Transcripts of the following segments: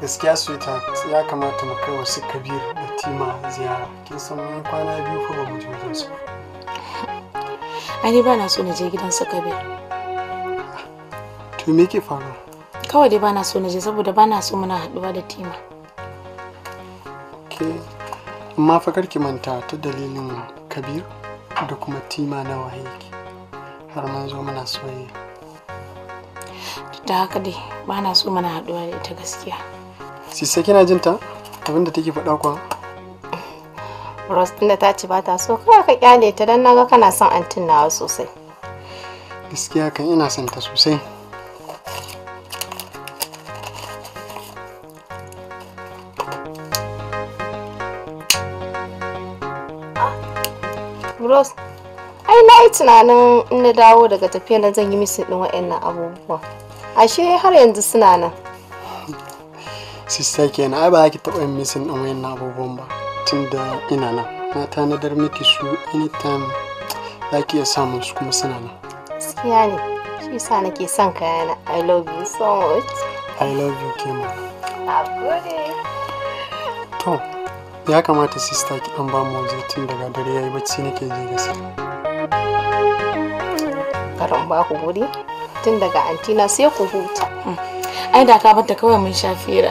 gaskiya ta ya kamata mu kai wasu kabir da tima ziyara kin san mun kwana biyu ko ba mu je wajen su ani ba na so na je gidan su kabir to me ke faruwa kawai dai ba na so na je saboda ba na so muna haduwa da tima ke amma fa karki manta ta dalilin kabir da kuma tima na waye har mun zo muna soyayya da haka dai ba na so mana haduwa da ita gaskiya sisai kina jin ta abin da take faɗa kuwa rostina ta ce ba ta so kawai ka kyale ta dan naga kana son antin nawa sosai gaskiya kan ina son ta sosai ah, Rose, ai na yi tunanin in na dawo daga tafiya na zan yi misin ɗin waɗannan abubuwa. Ashe har yanzu suna nan. sista kenan ai ba za ki taɓa yin misin ɗin wayan abubuwan ba tun da ina nan na tanadar miki su anytime za ki iya samun su kuma suna nan gaskiya ne shi yasa nake son kayana i love you so much i love you kema to ya kamata sista ki ɗan ba mu waje tun daga dare yayi bacci nake je gaskiya karon ba ku guri tun daga antina sai ku huta hmm. ai da ka bata kawai mun shafira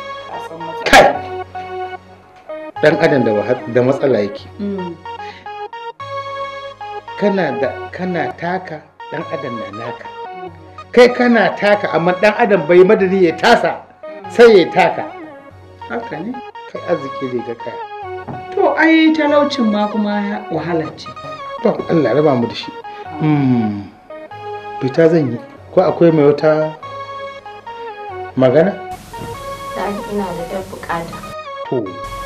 dan adam da matsala yake mm. kana da kana taka dan adam na naka kai kana taka amma dan adam bai madadi ya tasa sai ya taka haka ne kai arziki ne ga kai to ai talaucin ma kuma wahala ce to Allah raba mu da shi hmm. fita zan yi ko akwai mai wata magana ina da ɗan buƙata. to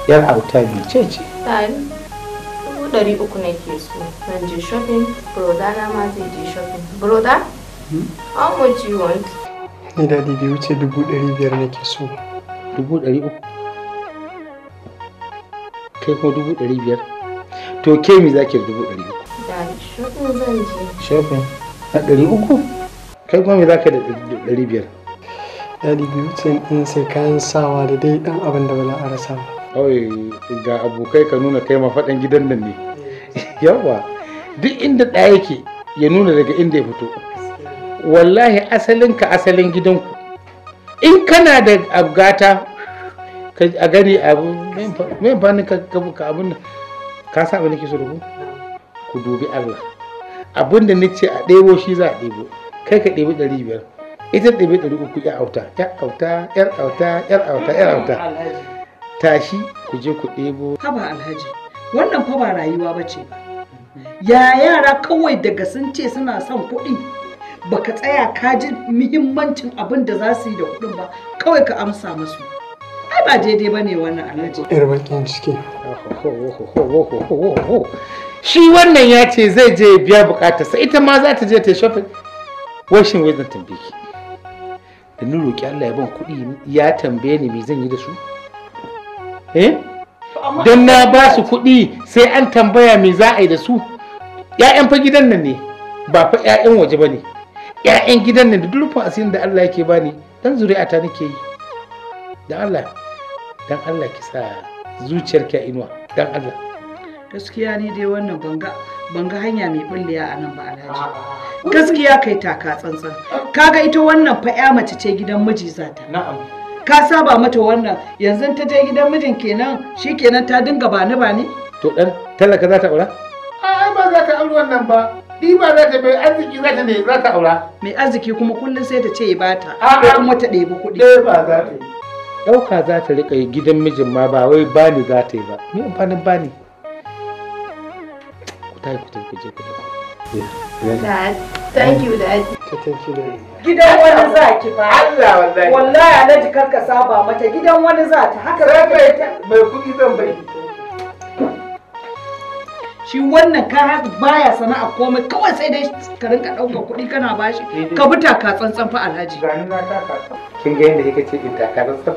yar auta mai ce ce dubu ɗari uku na ke so zan je shopping broda na ma zai je shopping broda hmm? how much you want ni dadi bai wuce dubu ɗari biyar na ke so dubu ɗari uku kai kuma dubu ɗari biyar to ke mi za ki dubu ɗari uku shopping zan je shopping a ɗari uku kai kuma mi za ka da ɗari biyar dadi bai wuce in sai kayan sawa da dai ɗan abin da ba a rasa ba kawai ga abokai ka nuna kai mafaɗan gidan nan ne yawa duk inda ɗaya yake ya nuna daga inda ya fito wallahi asalin ka asalin gidanku in kana da abgata a gani abu mai bani ka abin da ka sa abin da ke ku dubi Allah abin da ni ce a ɗebo shi za a ɗebo kai ka ɗebi ɗari biyar ita ɗebi ɗari uku ya auta ya auta ya auta ya auta ya auta tashi ku je ku ɗebo haba alhaji wannan fa ba rayuwa ba ce ba ya yara kawai daga sun ce suna son kuɗi baka tsaya ka ji muhimmancin abin da za su yi da kuɗin ba kawai ka amsa musu ai ba daidai ba ne wannan alhaji yar bakin ciki shi wannan ya ce zai je biya bukatarsa ita ma za ta je ta shopping washin wai zan tambaye ki da ni roki Allah ya ban kuɗi ya tambaye ni me zan yi da su eh don na ba su kuɗi sai an tambaya me za a yi da su ‘ya'yan fa gidan nan ne ba fa ‘ya'yan waje ba ne ‘ya'yan gidan nan da dulfin asirin da Allah yake bani dan ta nake yi dan Allah dan Allah ki sa zuciyarki a inuwa dan Allah gaskiya ni dai wannan banga banga hanya mai bulliya a nan ba alhaji gaskiya kai taka tsantsan kaga ita wannan fa ya mace ce gidan miji zata na'am ka saba mata wannan yanzu ta je gidan mijin kenan shi kenan ta dinga bani bani to dan talaka za ta aura a'a ba za ta aure wannan ba Ni ba za ta mai arziki za ta ne za ta aura mai arziki kuma kullum sai ta ce ya ta, ko kuma ta ɗebi kuɗi eh, ba za ta yi ɗauka za ta riƙa yi gidan mijin ma ba wai bani za ta yi ba me amfanin ni ku ku tafi ku je ku tafi Thank you, Daddy. Thank you, Daddy. Gidan wani za ki fa. Allah wallahi. Wallahi Alhaji kar ka saba mata gidan wani za ta haka za ta. Mai kuɗi zan bai. Shi wannan ka baya sana'a komai kawai sai dai ka rinka ɗaukar kuɗi kana bashi ka bi taka tsantsan fa Alhaji. Gani na Kin ga yadda kike ce in taka tsantsan.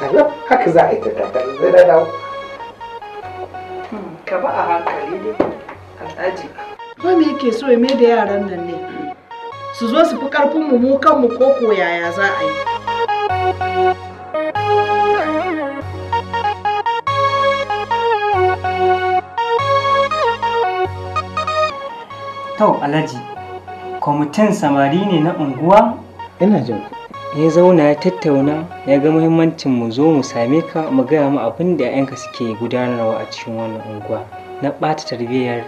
Tsalaf haka za a yi ta taka zai dawo. Hmm, ka ba a hankali dai Alhaji. ko yake so ya mai da yaran nan ne su zo su fi karfin mu mu kanmu ko ko yaya za a yi tau Alhaji, kwamitin samari ne na unguwa? Ina jin ya zauna ya tattauna ya ga muhimmancin mu zo mu same ka mu gaya mu abin da 'ya'yanka suke gudanarwa a cikin wannan unguwa na ɓata tarbiyyar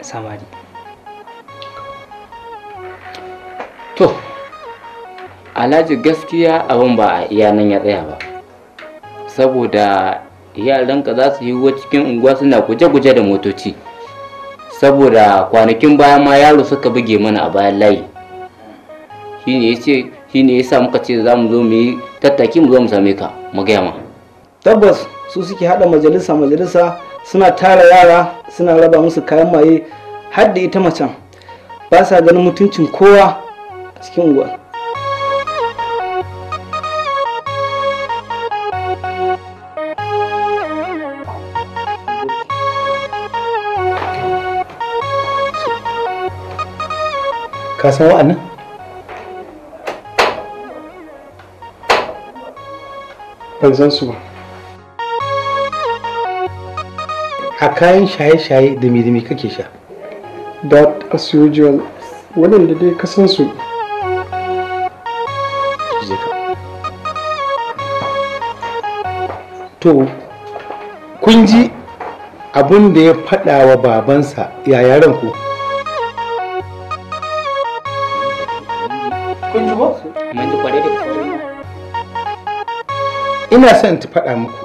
samari. to alhaji gaskiya abin ba a iya nan ya tsaya ba saboda yaranka za su yi cikin unguwa suna guje-guje da motoci saboda kwanakin baya ma yaro suka buge mana a bayan layi shine ya ce shine ya sa muka ce za mu zo mu yi tattaki mu zo mu same ka mu gaya ma tabbas su suke hada majalisa majalisa suna tara yara suna raba musu kayan maye har da ita macen ba sa ganin mutuncin kowa cikin unguwa ka san wa'annan ban san su ba a kayan shaye-shaye da me kake sha that as usual waɗanda dai su. to kun ji abin da ya faɗa wa babansa ya yaran ku ina son ta faɗa muku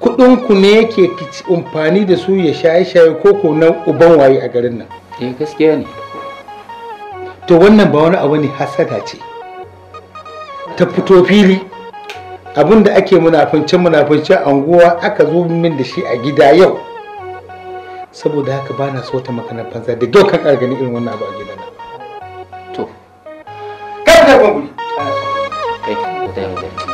kuɗin ku ne yake amfani da su ya shaye-shaye ko ko na uban waye a garin nan eh gaskiya ne to wannan ba wani abu ne hasada ce ta fito fili abin da ake munafincin munafincin unguwa, aka zo min da shi a gida yau saboda haka bana so ta fansa da kyau kan gani irin wannan abu a gidan nan to kada ka kai eh, yau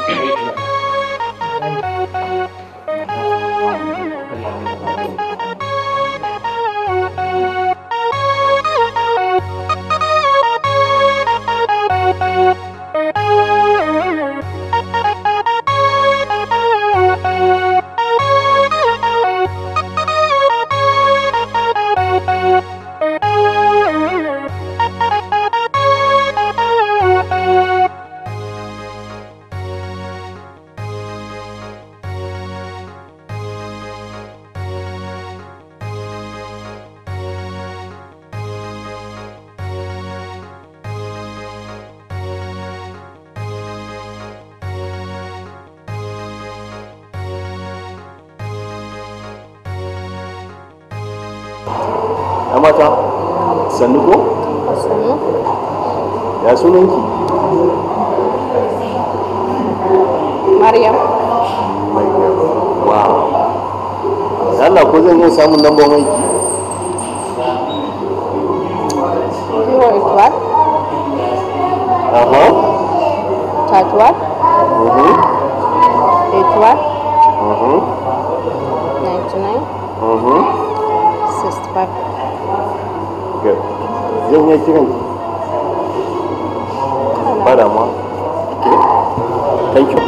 kamata sannu ko ya sunanki maryam wow Yalla ko zan iya samun lambar wanki zero aha third what mhm eight what ninety mhm. nine mhm. five zan iya kiran ki ba damuwa thank you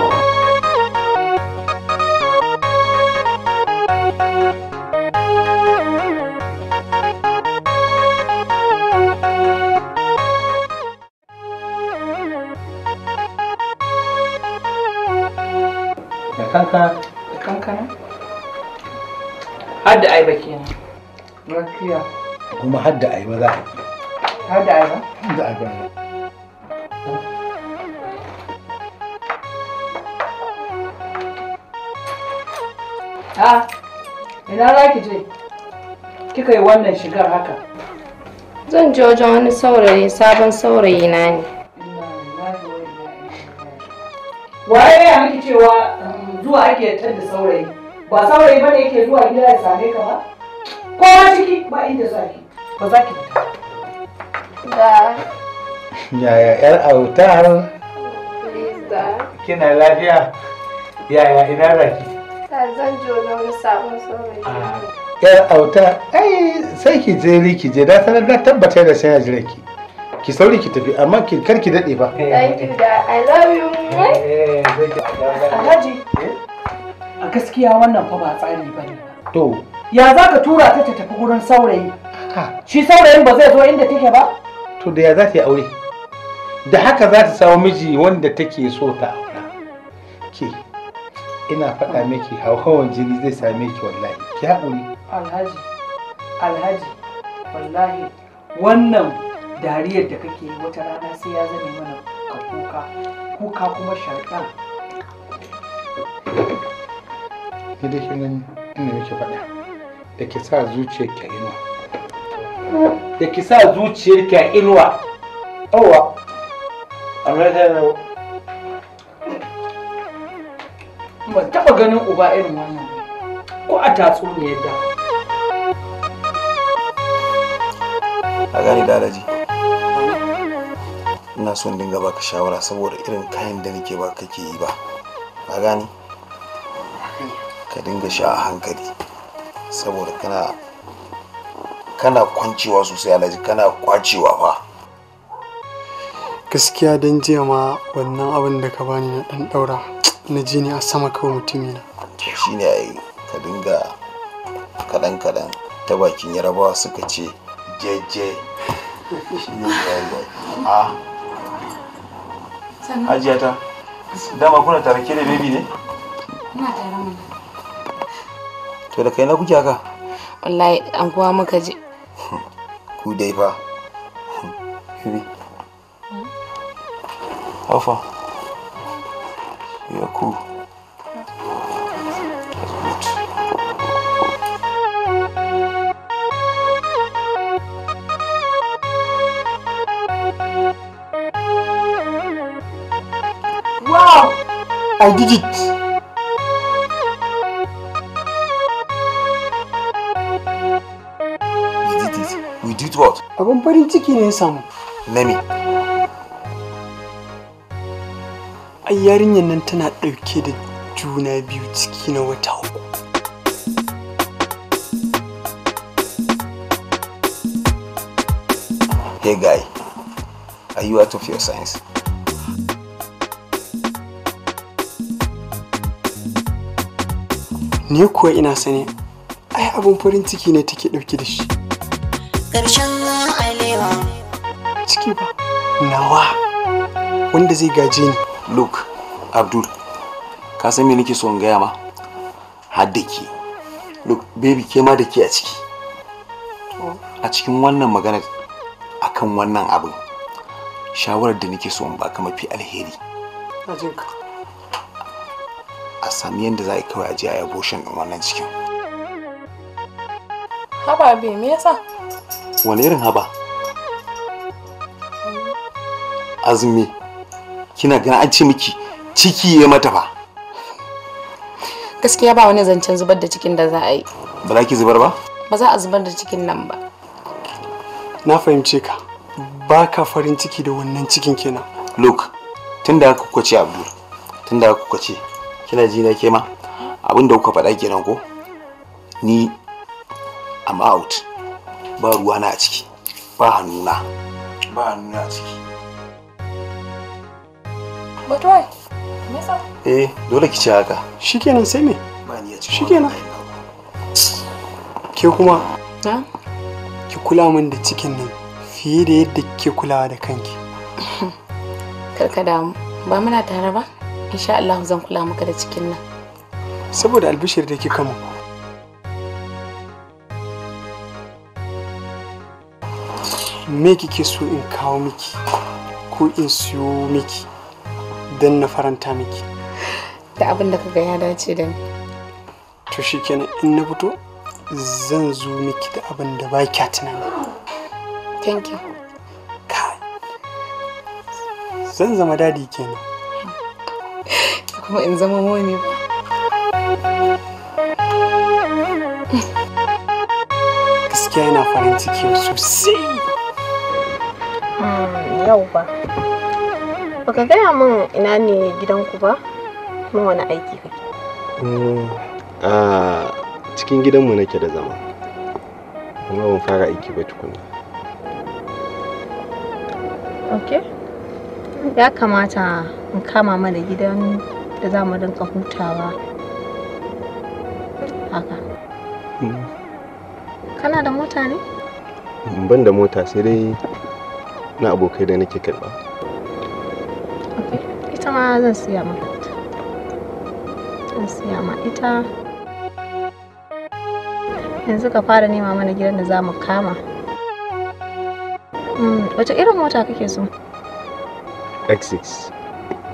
kanka da kankana hadda da aiba kenan rakiya kuma hadda da aiba za a A ina za ki je? Kika yi wannan shigar haka? Zan je wajen wani saurayi sabon saurayi na ne. Waye ya miki cewa um, zuwa ake yattar da saurayi? Ba saurayi bane yake zuwa gida ya same ka ba? Kowa ciki ba inda za ki. Ba zaki ki fita. yaya yar autar kina lafiya yaya ina raki zan jona wani sabon saurayi ah. yar auta ai sai ki je ri ki je da sanar da tabbatar da sai jira ki ki sauri ki tafi amma ki kar ki dade ba thank you da i love you eh, alhaji eh? a gaskiya wannan fa ba tsari ba to ya za ka tura ta ta tafi gurin saurayi shi saurayin ba zai zo inda take ba to da ya za ta yi aure da haka za ta samu miji wanda take so ta aura ke ina faɗa miki hauhawan jini zai same ki wallahi ki haƙuri alhaji alhaji wallahi wannan dariyar da kake yi wata rana sai ya zame mana ka kuka kuka kuma sharɗan ni da nan ina miki faɗa da ke sa zuciyar ki inuwa da ki sa zuciyarki a inuwa awa ban taɓa ganin uba irin wannan ko a tatsuniyar da a gani dalaji ina son dinga baka shawara saboda irin kayan da nake ba kake yi ba a gani ka dinga sha a hankali saboda kana kana kwancewa sosai alhaji kana kwacewa fa gaskiya don jiya ma wannan abin da ka bani na dan daura na ji ne a sama kawai mutum na shi ne a ka dinga kaɗan kaɗan ta bakin yarabawa suka ce jeje shi ne a hajiya ta dama kuna tare ke da bebi ne ina tare mana to da kai na kuke haka wallahi an kuwa muka je coup d'œil pas. Who? Enfin, you're cool. Wow! I did it! farin ciki ne ya samu Nami. ai yarinyar nan tana ɗauke da juna biyu ciki na wata uku hey guy are you out of your science ni kuwa ina sani ai abin farin ciki ne take ɗauke da shi ƙarshen ciki ba nawa wanda zai gaje ni look abdul ka san me nake so in gaya ma har da ke look baby ke ma da ke a ciki a cikin wannan maganar akan wannan abin shawarar da nake so in baka mafi alheri a sami yadda za a kawai a je a yaboshin din wannan cikin haba be me yasa wani irin haba azumi kina gana an ce miki ciki ya mata ba gaskiya ba wani zancen zubar da cikin da za a yi ba za ki zubar ba ba za a zubar da cikin nan ba na fahimce ka ba ka farin ciki da wannan cikin kenan look tunda da kuka ce abdul tunda da kuka ce kina ji na kema abin da kuka faɗa kenan ko ni i'm out ba ruwana a ciki ba hannuna ba hannuna a ciki e Eh, dole ki ci haka. Shikenan sai me? Ba ni ya ci. Shikenan. Ke kuma? Na? Ki kula min da cikin nan fiye da yadda kike kulawa da kanki. Karka mu Ba muna tare ba? Insha Allah zan kula maka da cikin nan. Saboda albishir da kika mu. Me kike so in kawo miki ko in siyo miki? don na faranta miki da abin da kaga ya dace da ni to shikenan in na fito zan zo miki da abin da ba kya tunani thank you zan zama dadi kenan kuma in zama momi ba gaskiya yana farin ciki sosai hmm, yau ba Baka gaya min ina ne gidanku ba? Kuma wani aiki kake? Mm, a cikin gidanmu nake da zama. Kuma ban fara aiki ba tukuna. Ok. Ya kamata in kama mana gidan da za mu rinka hutawa. Haka. Mm. Kana da mota ne? Mm, ban da mota sai dai na abokai da nake karɓa. ita ma zan siya maka ita zan siya ma ita yanzu ka fara nema mana gidan da za mu kama hmm, wace irin mota kake so x6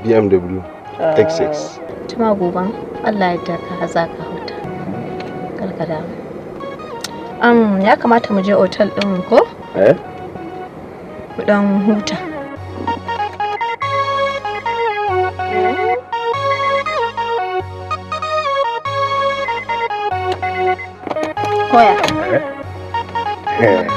bmw x6 tuma goban allah ya daka haza ka huta karka um, ya kamata mu je otal ɗin ko? eh? mu dan huta 哎，嘿。